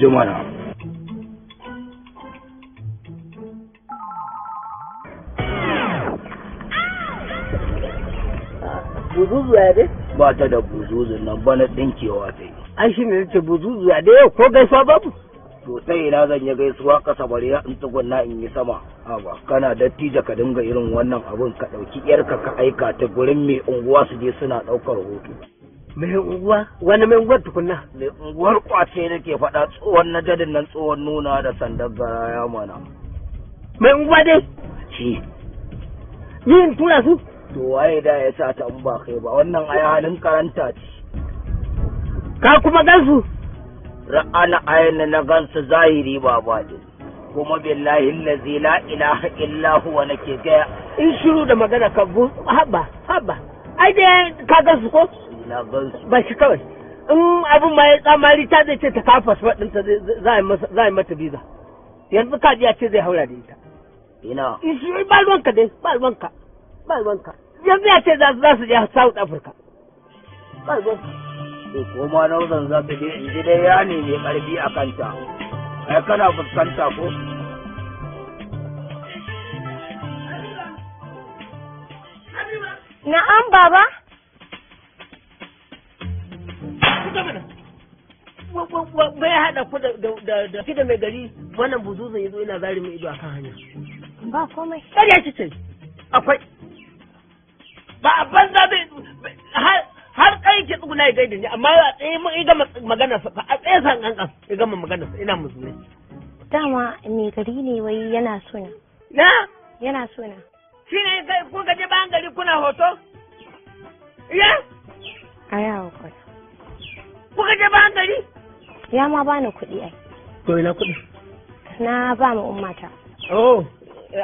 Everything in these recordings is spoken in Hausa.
jimana buzuzuwa dai ba ta da buzuzun nan bana tsinkewa ta yi an shi ne ce buzuzuwa dai yau ko gaisuwa babu to sai ina zan yi gaisuwa kasa bari in tsugunna in yi sama haba kana dattija ka dinga irin wannan abun ka ɗauki yarka ka aika ta gurin mai unguwa su je suna ɗaukar hoto mai unguwa wani mai unguwar tukunna mai unguwar kwace da ke faɗa tsohon na jadin nan tsohon nuna da sandar ya mana mai unguwa dai shi in tura su to waye da ya sa ta ba kai ba wannan a halin karanta ce ka kuma gansu ra'ana ayyana na gansu zahiri ba ba kuma billahi lazi la ilaha illa huwa nake gaya in shiru da magana ka haɓa, haba haba ai dai ka gansu ko na gan su ba shi kawai in abin ma ya tsamari ta zai ce ta kafa su ɗinta za a yi mata biza yanzu kaji ya ce zai haura da ita ina eh, shi ba ruwanka dai ba ruwanka ba ruwanka yanzu ya ce za su je South Africa ba ruwanka to koma nau'in za ta je in ji dai ya ne mai ƙarfi a kanta ai kana fuskanta ko Na'am baba fito mana bai haɗa ku da shi da mai gari wannan buzuzun yazo yana zari mai ido a kan hanya ba komai ƙarya ce ce akwai ba a banza bai har kai ke tsuguna ya gaida ni amma a tsaye mun yi gama magana sa a tsaye san an kan ya gama magana sa ina musulmi dama mai gari ne wai yana suna. na yana suna. na shine ko gaje bayan gari kuna hoto iya kaje ba gari ya ma ni kuɗi ai to ina kuɗi na ba mu ummata oh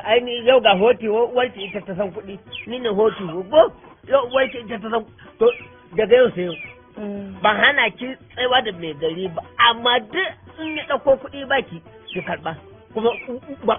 ai ni yau ga hoti wanci ita ta san kuɗi ni ne hoti ko yau wanci ita ta san to daga yau sai mm. ba hana ki tsayawa da mai gari ba amma duk in ya ɗauko kuɗi baki ki karɓa kuma ba.